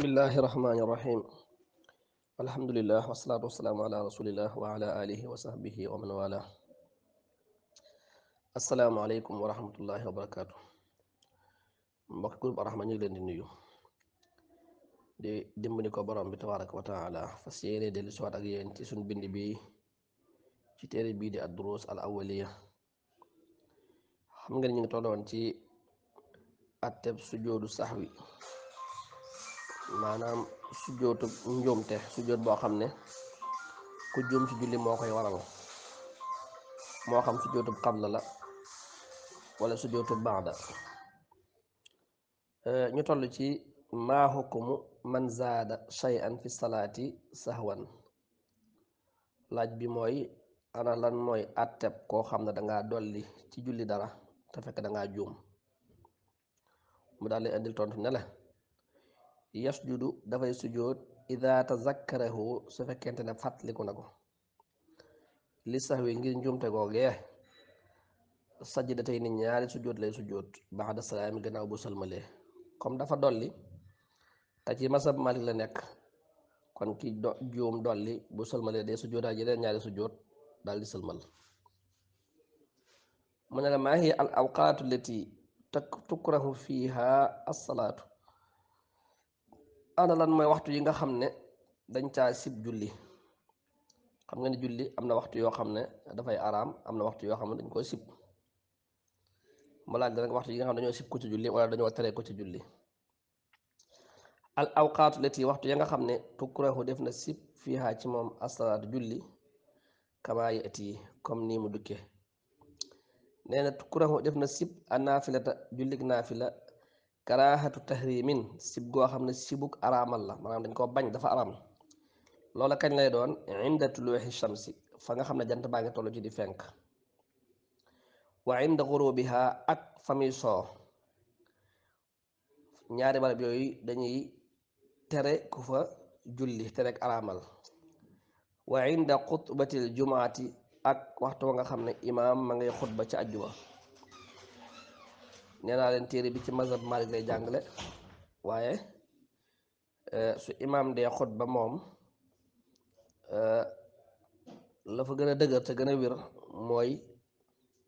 بسم الله الرحمن الرحيم الحمد لله والصلاة والسلام على رسول الله وعلى آله وصحبه ومن والاه السلام عليكم ورحمة الله وبركاته مكتوب الرحمن يلين دي نيو دي دمني كبرام بتوارك وتعالى فسيري دي لسوات اغيان تسون بندي بي تيري بي دي الدروس الأولية حمد نيو تولون تي أتب سحوي maanaam sujjootu njuumte sujjoot boo xam ne ku juum ci julli moo koy waral moo xam sujjootub qabla la wala sujjootub baada euh, ñu toll ci maa hukumu man zaada shay'an fi salaati sahwan laaj bi mooy ana lan mooy teb koo xam na dangaa dolli ci julli dara te fekk dangaa juum mu daal di indil tontu ne la yasjudu dafay sujood ida tazakkarahu su fekkente ne fatliku na ko li sahwi ngir njumte googee sajjidatay ni ñaari sujood lay sujood baxda salaami gannaaw bu salmalee comme dafa dolli te ci masab malik la nekk kon ki do juum dolli bu salmalee day sujoodaa jeneen ñaari sujood dal di salmal mu ne la maa hi al awqaatu lati tukrahu fiha alsalaatu ana lan mooy waxtu yi nga xam ne dañ caa sib julli xam nga ne julli am na waxtu yoo xam ne dafay araam am na waxtu yoo xam ne dañ koo sib ma laaj la nag waxtu yi nga xam dañoo sib ko ci julli wala dañoo tere ko ci julli al awqaatu lati waxtu ya nga xam ne tukrahu def na sib fiha ci moom asalaatu julli kama yati comme nii mu dukke nee na def na sib a naafilata jullik naafila karaahatu tahrimin sib goo xam ne sibuk araamal la maanaam dañ koo bañ dafa araam loola kañ lay doon inda tuluuxi shamsi fa nga xam ne jant baa ngi toll ci di fenk wa inda gurubiha ak fa ñaari barab yooyu dañuy tere ku fa julli tere ak araamal wa inda xutbatil jumaati ak waxtu wa nga xam ne imaam ma ngay xutba ci àjjuma nee naa leen téere bi ci mazhab Malik lay jàngale waaye eh, su imaam dee xot ba moom eh, la fa gën a dëgër te gën a wér mooy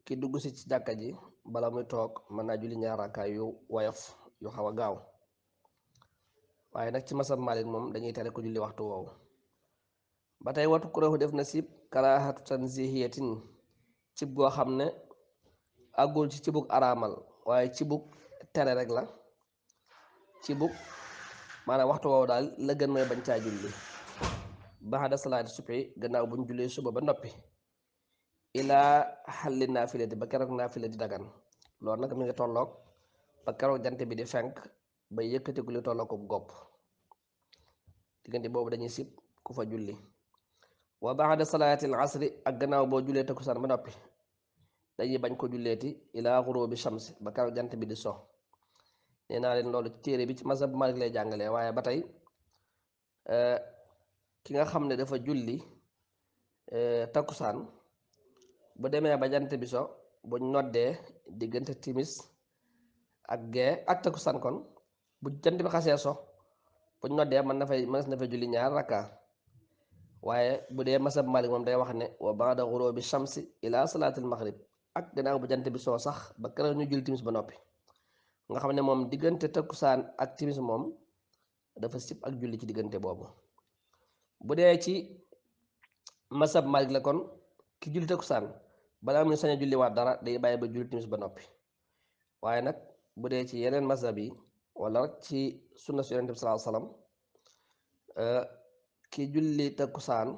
ki dugg si ci jàkka ji bala muy toog mën naa julli ñaar rakkaay yu woyof yu xaw a gaaw waaye nag ci masab Malik moom dañuy tere ko julli waxtu woowu ba tey watu kuréew def na sib karaahatu tanzihiyatin cib goo xam ne àggul ci cibug araamal waaye ci bug tere rek la ci bug maanaam waxtu woowu daal la gën mooy bañ caa julli baxada salaati subhi gannaaw buñ jullee suba ba noppi ilaa xalli naafilati ba keroog naafila di dagan loolu nag mi ngi tolloog ba keroog jant bi di fenk ba yëkkati ku li tolloog ko gopp diggante boobu dañuy sib ku fa julli wa baxada salaati al asri ak gannaaw boo jullee takkusaan ba noppi dañuy bañ ko julleeti ilaa xuróobi shams ba kaw jant bi di so nee naa leen loolu téere bi ci mazhab Malik lay jàngalee waaye ba tey e, ki nga xam ne dafa julli e, takkusaan bu demee ba jant bi so buñ noddee diggante timis ak gee ak takkusaan kon bu jant bi xasee so buñ noddee mën na fay mën na fay julli ñaar rakka waaye bu dee mazhab Malik moom day wax ne wa ba'da xuróobi shamsi ilaa salaatil maghrib ak gannaaw bu jant bi soo sax ba keroog ñu jul timis ba noppi nga xam ne moom diggante takkusaan ak timis moom dafa sib ak julli ci diggante boobu bu dee ci masab malik la kon ki julli takkusaan balaa muy sañ a dara day bàyyi ba julli timis ba noppi waaye nag bu dee ci yeneen masab yi wala rek ci sunna su yonente bi salaa salaam eh, ki julli takkusaan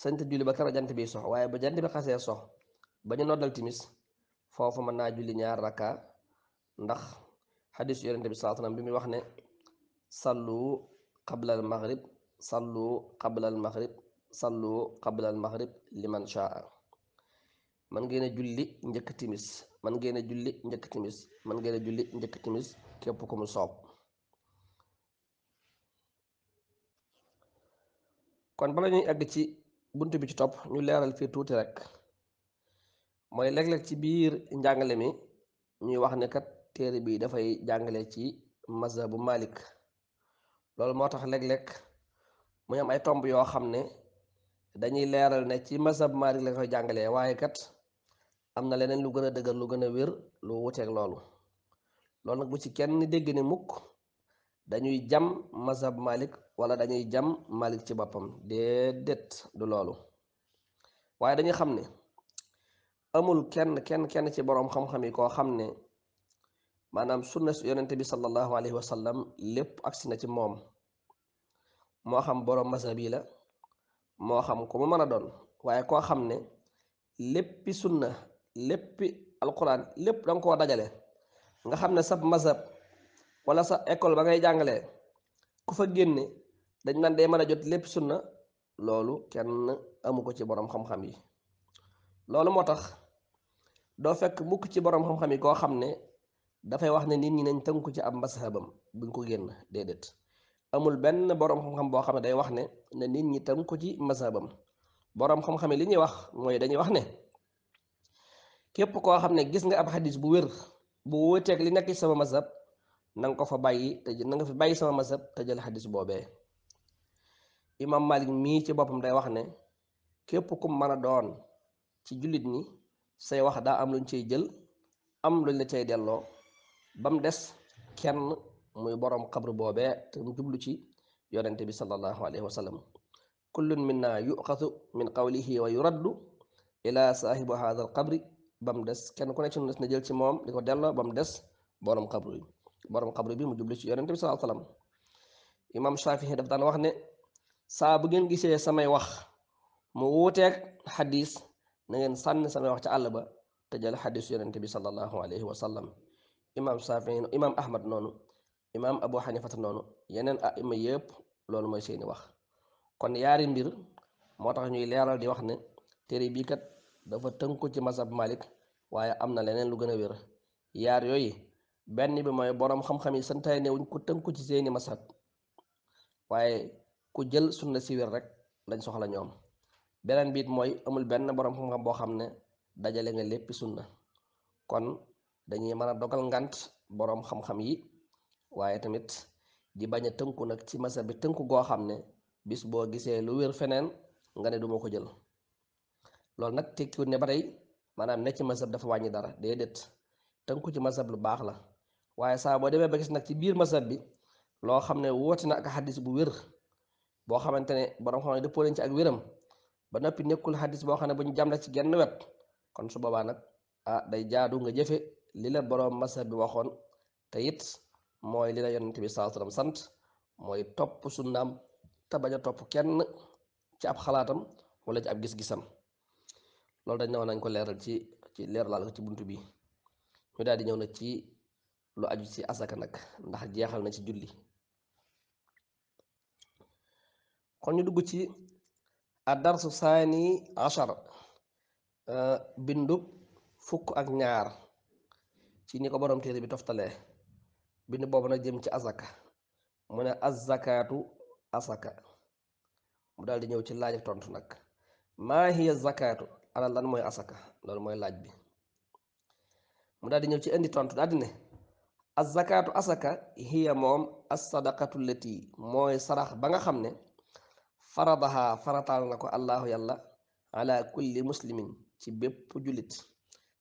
sañta julli ba keroog jant bi sox waaye ba jant bi xasee sox ba ñu noddal timis foofu mën naa julli ñaar rakka ndax xadis yonente bi sallallahu bi muy wax ne sallu qabla al maghrib sallu qabla sallu qabla al maghrib liman shaa man ngeen a man ngeen a julli njëkk timis man ngeen julli njëkk timis képp ko mu soob kon bala ñuy àgg ci bunt bi ci topp ñu leeral fii tuuti rek mooy léeg-léeg ci biir njàngale mi ñuy wax ne kat téere bii dafay jàngale ci mazhabu Malik loolu moo tax léeg-léeg mu am ay tomb yoo xam ne dañuy leeral ne ci mazhab Malik la koy jàngalee waaye kat am na leneen lu gën a dëgër lu gën a wér lu wuteeg loolu loolu nag bu ci kenn dégg ne mukk dañuy jam mazhab Malik wala dañuy jam Malik ci boppam déedéet du loolu waaye dañuy xam ne. amul kenn kenn kenn ci boroom xam-xam yi koo xam ne maanaam sunna su yonente bi sallallahu alayhi wa sallam lépp agsi na ci moom moo xam boroom mazhab yi la moo xam ku mu mën a doon waaye koo xam ne léppi sunna léppi alquran lépp danga koo dajale nga xam ne sab mazhab wala sa école ba ngay jàngalee ku fa génne dañ naan day mën a jot lépp sunna loolu kenn amu ko ci boroom xam-xam yi loolu moo tax doo fekk mukk ci borom xam-xam yi koo xam ne dafay wax ne nit ñi nañ tënku ci ab mashabam bu ñu ko génn déedéet amul benn borom xam-xam boo xam ne day wax ne ne nit ñi tënku ci mashabam borom xam-xam yi li ñuy wax mooy dañuy wax ne képp koo xam ne gis nga ab bu wér bu wóoteeg li nekk sama masab na nga ko fa bàyyi te na nga fi bàyyi sama masab te xadis boobee imam mii ci boppam day wax ne képp ku mën a doon ci jullit ñi say wax daa am luñ cay jël am luñ la cay delloo ba mu des kenn muy borom xabru boobe te mu jublu ci yonente bi sallallahu alayhi wa sallam kullun minna yuxasu min qawlihi wa yuraddu ila saahibu hadha al qabri ba mu des kenn ku ne des na jël ci moom di ko delloo ba mu des boroom xabru yi boroom bi mu jublu ci yonente bi sallallahu alayhi wa wax saa bu ngeen gisee samay wax mu wuuteeg xadis nangeen ngeen sànni sama wax ca àll ba te jël xadisu yonente bi sallallahu alayhi wa sallam imaam Saafi imaam Ahmad noonu imaam Abu Xanifata noonu yeneen aima yëpp loolu mooy seeni wax kon yaari mbir moo tax ñuy leeral di wax ne téere bii kat dafa tënku ci masab Malik waaye am na leneen lu gën a wér yaar yooyu benn bi mooy boroom xam-xam yi santaane wuñ ku tënku ci seeni masab waaye ku jël sunna si rek lañ soxla ñoom beneen biit mooy amul benn borom xam-xam boo xam ne dajale nga lépp sunna kon dañuy mën a dogal ngant boroom xam-xam yi waaye tamit di bañ a tënku nag ci masa bi tënku goo xam ne bis boo gisee lu wér feneen nga ne duma ko jël loolu nag tekkiwut ne ba tey maanaam ne ci masab dafa wàññi dara déedéet tënku ci masab lu baax la waaye saa boo demee ba gis nag ci biir masab bi loo xam ne woote na ak xadis bu wér boo xamante ne boroom xam ne dëppoo nañ ak wéram ba nopi nekul hadith bo xamne buñu bu ci genn wet kon su baba nak ah day jaadu nga jëfe lila borom massa bi waxon te it mooy li la bi saa sant mooy topp sunnaam ta bañ a topp kenn ci ab xalaatam wala ci ab gis-gisam lol dañ newoon nañ ko leral ci ci leeralaal ko ci buntu bi ñu daal di ñew nag ci lu aju ci asaka nak ndax jeexal na ci julli kon ñu dugg ci addarsu saani achar bindub fukk ak ñaar ci ni ko borom téere bi toftalee bind boobu nag jëm ci asaka mu ne azakaatu asaka mu daal di ñëw ci laaj tontu nag maa hiya zakaatu ana lan mooy asaka loolu mooy laaj bi mu daal di ñëw ci indi tontu daal ne azakaatu asaka hiya moom as lati mooy sarax ba nga xam ne faradaha farataal na ko allahu yàlla ala kulli muslimin ci bépp jullit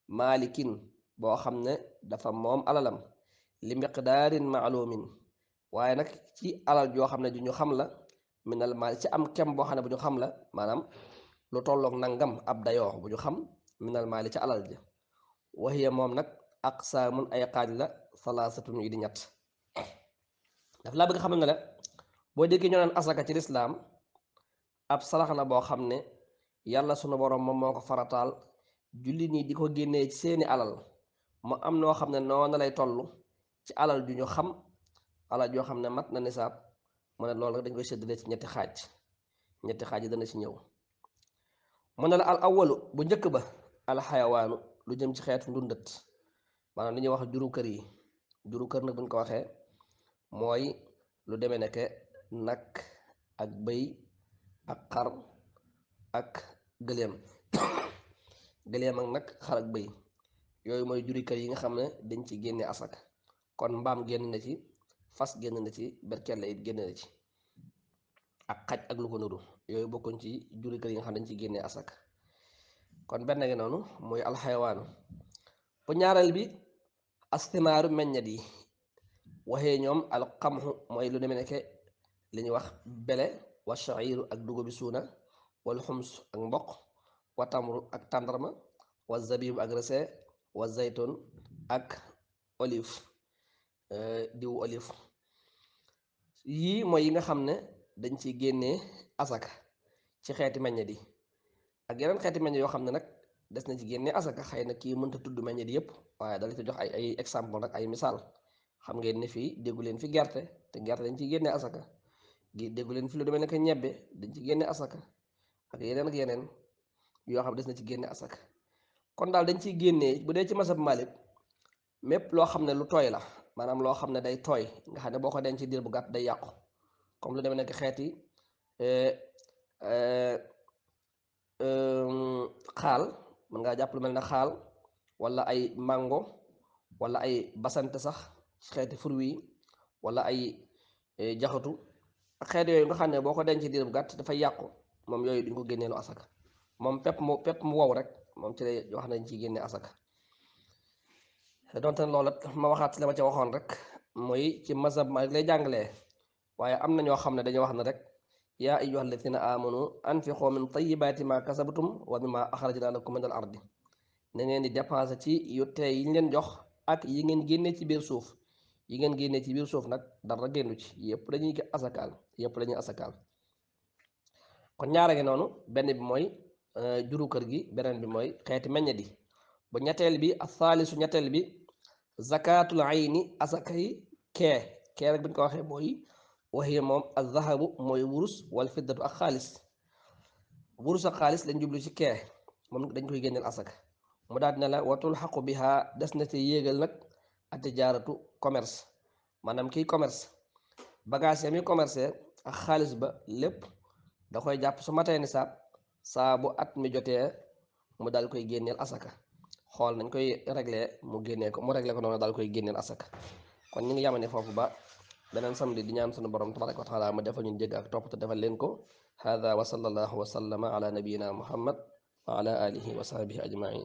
maalikin boo xam ne dafa moom alalam li miqdaarin maalumin waaye nag ci alal joo xam ne ju ñu xam la minal maal ci am kem boo xam ne bu ñu xam la maanaam lu tolloog nangam ab dayoo bu ñu xam minal maali ci alal ja waxiya moom nag aqsaamun ay xaaj la salaasatun yi di ñett daf laa bëgg xam la boo déggee ñoo naan asaka ci lislaam ab sarax la boo xam ne yàlla sunu borom moom moo ko farataal jullit ñi di ko génnee ci seeni alal mu am noo xam ne noonu lay toll ci alal ju ñu xam alal joo xam ne mat na saab mu ne loolu dañ koy séddale ci ñetti xaaj ñetti xaaj yi dana ci ñëw mu ne la al awalu bu njëkk ba al lu jëm ci xeetu ndundat maanaam li ñuy wax juru kër yi juru kër nag buñ ko waxee mooy lu demee nekke nag ak bëy ak xar ak gëléem gëléem ak nag xar ak bëy yooyu mooy juri kër yi nga xam ne dañ ci génne asak kon mbaam génn na ci fas génn na ci berkelle it génn na ci ak xaj ak lu ko nuru yooyu bokkuñ ci juri kër yi nga xam ne dañ ci génne asak kon benn gi noonu mooy alxayawaanu bu ñaareel bi astimaaru meññet yi waxee ñoom alxamxu mooy lu demee nekke li wax bele wa shairu ak dugubi suuna wal xums ak mboq wa tamru ak tàndarma wa zabib ak rese wa zaytun ak olive euh, diwu olive yii mooy yi nga xam ne dañ ci génnee asaka ci xeeti meññeet yi a yeneen xeeti meññeet yoo xam ne nag des na ci génnee asaka xëy na kii mënta tudd meññeet yépp waaye dala ci jox ay ay exemple rek ay misaal xam ngeen ne fii déggu leen fi gerte te gerte dañ ciy génnee asaka gi déggu leen fi lu demee nekk ñebbe dañ ci génne asaka ak yeneen ak yeneen yoo xam des na ci génne asaka kon daal dañ ciy génne bu dee ci masab Malik mépp loo xam ne lu tooy la maanaam loo xam ne day tooy nga xam ne boo ko den diir bu gàtt day yàqu comme lu demee nekk xeeti eh, eh, ehm, xaal mën ngaa jàpp lu mel ne xaal walla ay mango wala ay basante sax xeeti fruit yi wala ay eh, jaxatu ak xeet yooyu nga xam ne boo ko dencee diir bu gàtt dafay yàqu moom yooyu duñ ko génneelu asaka moom pepp mu pepp mu wow rek moom ci lay wax nañ ci génne asaka donte loola ma waxaat la ma ca waxoon rek mooy ci mazhab Maalik lay jàngalee waaye am na ñoo xam ne dañoo wax ne rek yaa fi alladina amanu anfiqu min tayibaati ma kasabtum wa mimma axrajna lakum min al ardi na ngeen di dépensé ci yu tey yi ñu leen jox ak yi ngeen génnee ci biir suuf yi ngeen génnee ci biir suuf nag dara génnu ci yépp dañuy asakaal yëpp la ñuy asakaal kon ñaara ngi noonu benn bi mooy euh, juru kër gi beneen bi mooy xeeti meññet yi ba ñetteel bi asaalisu ñetteel bi zakaatul ayni yi kee kee rek bi ñu ko waxee mooy waxi moom ak zahabu mooy wurus wala fiddatu ak xaalis wurus ak xaalis lañ jublu ci kee moom dañ koy génneel asaka mu daal dina la xaqu bi haa des na te yéegal nag a jaaratu commerce maanaam kii commerce bagage yami commerce ak xaalis ba lépp da koy jàpp su matee nisaab saa bu at mi jotee mu dal koy génneel asaka xool nañ koy réglé mu génnee ko mu réglé ko noonu daal koy génneel asaka kon ñu ngi yamane foofu ba beneen samedi di ñaan sunu borom tabaraka wa taala mu defal ñun jégg ak topp te defal leen ko hada wa sallallahu wa sallama ala nabiyina muhammad wa ala wa sahbihi ajmain